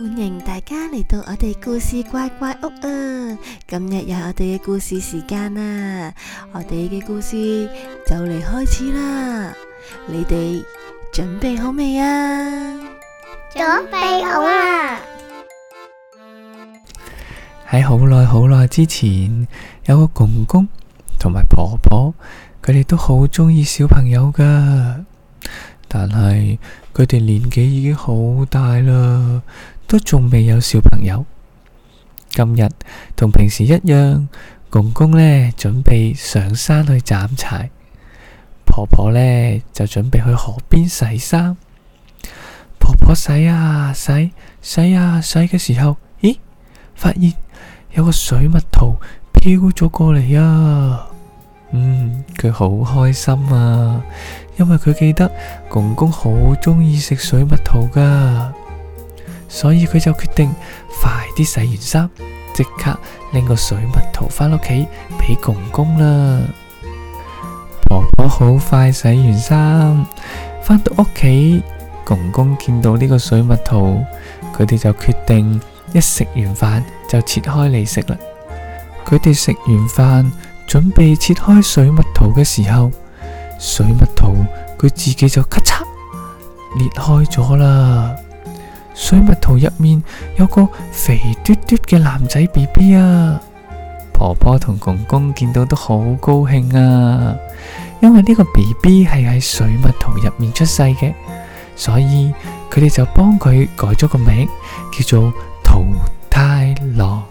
歡迎大家嚟到我哋故事怪怪屋啊！今日有我哋嘅故事時間啊！我哋嘅故事就嚟開始啦，你哋準備好未啊？準備好啦！喺好耐好耐之前，有個公公同埋婆婆，佢哋都好中意小朋友噶，但係。佢哋年紀已經好大啦，都仲未有小朋友。今日同平時一樣，公公呢準備上山去斬柴，婆婆呢就準備去河邊洗衫。婆婆洗啊洗洗啊洗嘅時候，咦，發現有個水蜜桃飄咗過嚟啊！嗯，佢好開心啊，因為佢記得公公好中意食水蜜桃噶，所以佢就決定快啲洗完衫，即刻拎個水蜜桃翻屋企俾公公啦。婆婆好快洗完衫，翻到屋企，公公見到呢個水蜜桃，佢哋就決定一食完飯就切開嚟食啦。佢哋食完飯。準備切開水蜜桃嘅時候，水蜜桃佢自己就咔嚓裂開咗啦。水蜜桃入面有個肥嘟嘟嘅男仔 B B 啊，婆婆同公公見到都好高興啊，因為呢個 B B 係喺水蜜桃入面出世嘅，所以佢哋就幫佢改咗個名，叫做桃太郎。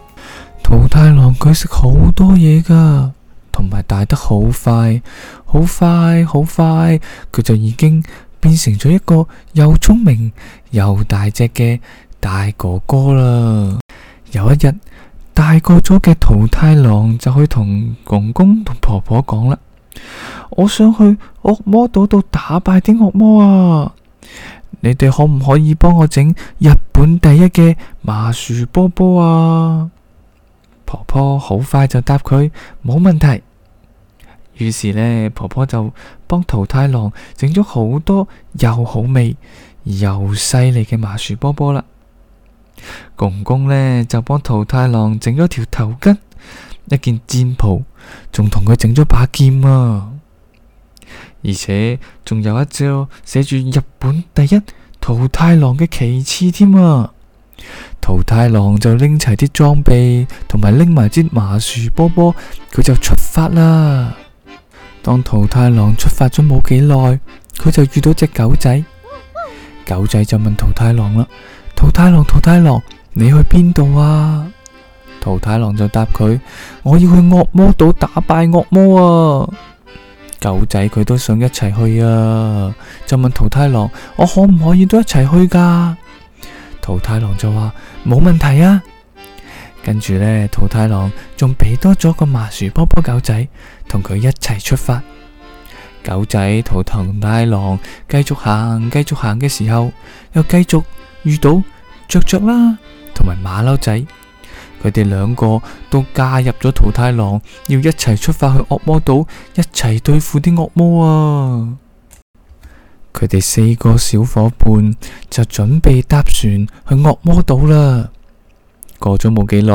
桃太郎佢食好多嘢噶，同埋大得好快，好快，好快，佢就已經變成咗一個又聰明又大隻嘅大哥哥啦。有一日，大個咗嘅桃太郎就去同公公同婆婆講啦：我想去惡魔島度打敗啲惡魔啊！你哋可唔可以幫我整日本第一嘅麻薯波波啊？婆婆好快就答佢：冇問題。於是呢，婆婆就幫桃太郎整咗好多又好味又犀利嘅麻薯波波啦。公公呢，就幫桃太郎整咗條頭巾，一件戰袍，仲同佢整咗把劍啊。而且仲有一招寫住日本第一桃太郎嘅旗幟添啊。桃太郎就拎齊啲裝備，同埋拎埋支麻薯波波，佢就出發啦。當桃太郎出發咗冇幾耐，佢就遇到隻狗仔。狗仔就問桃太郎啦：桃太郎，桃太郎，你去邊度啊？桃太郎就答佢：我要去惡魔島打敗惡魔啊！狗仔佢都想一齊去啊，就問桃太郎：我可唔可以都一齊去噶？桃太郎就話：冇問題啊！跟住呢，桃太郎仲俾多咗個麻薯波波狗仔。同佢一齊出發，狗仔同桃太郎繼續行，繼續行嘅時候，又繼續遇到雀雀啦，同埋馬騮仔，佢哋兩個都加入咗桃太郎，要一齊出發去惡魔島，一齊對付啲惡魔啊！佢哋四個小伙伴就準備搭船去惡魔島啦。過咗冇幾耐，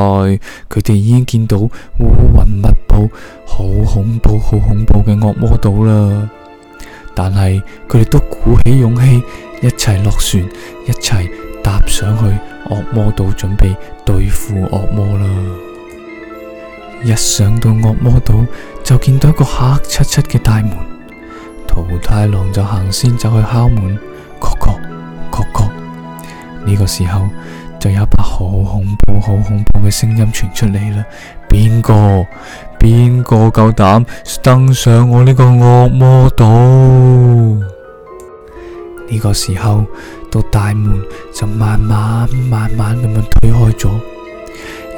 佢哋已經見到烏雲密佈，好恐怖，好恐怖嘅惡魔島啦。但係佢哋都鼓起勇氣，一齊落船，一齊搭上去惡魔島，準備對付惡魔啦。一上到惡魔島，就見到一個黑漆漆嘅大門。桃太郎就行先走去敲門，嗰個嗰個，呢個時候。就有一把好恐怖、好恐怖嘅聲音傳出嚟啦！邊個邊個夠膽登上我呢個惡魔島？呢、呢個時候，到大門就慢慢、慢慢咁樣推開咗，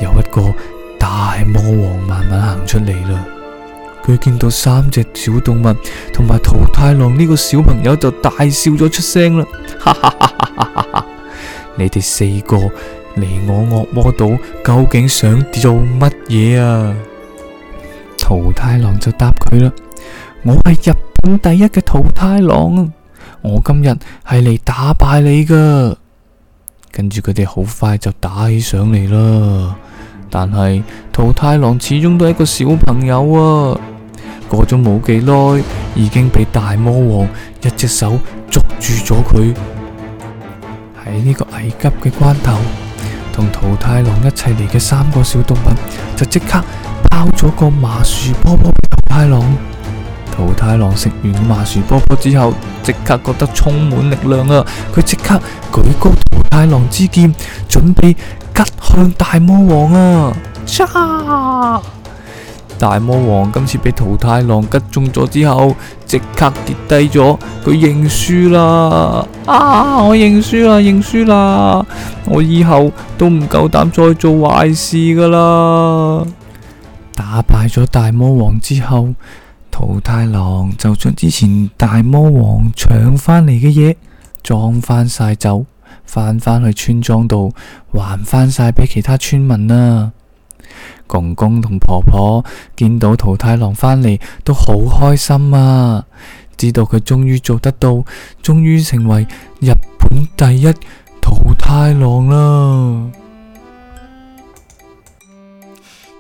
有一個大魔王慢慢行出嚟啦。佢見到三隻小動物同埋桃太郎呢個小朋友，就大笑咗出聲啦！哈哈哈哈哈！你哋四個嚟，我惡魔島究竟想做乜嘢啊？桃太郎就答佢啦：我係日本第一嘅桃太郎，我今日係嚟打敗你噶。跟住佢哋好快就打起上嚟啦。但係桃太郎始終都係一個小朋友啊。過咗冇幾耐，已經俾大魔王一隻手捉住咗佢。喺呢個危急嘅關頭，同桃太郎一齊嚟嘅三個小動物就即刻拋咗個麻薯波波俾桃太郎。桃太郎食完麻薯波波之後，即刻覺得充滿力量啊！佢即刻舉高桃太郎之劍，準備吉向大魔王啊！大魔王今次俾桃太郎吉中咗之後，即刻跌低咗，佢認輸啦！啊，我認輸啦，認輸啦！我以後都唔夠膽再做壞事噶啦！打敗咗大魔王之後，桃太郎就將之前大魔王搶返嚟嘅嘢裝翻晒走，返返去村莊度還返晒俾其他村民啦。公公同婆婆見到桃太郎返嚟，都好開心啊！知道佢終於做得到，終於成為日本第一桃太郎啦。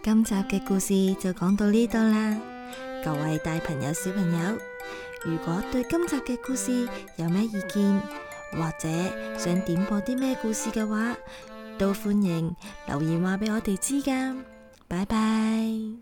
今集嘅故事就講到呢度啦。各位大朋友、小朋友，如果對今集嘅故事有咩意見，或者想點播啲咩故事嘅話，都歡迎留言話俾我哋知㗎。拜拜。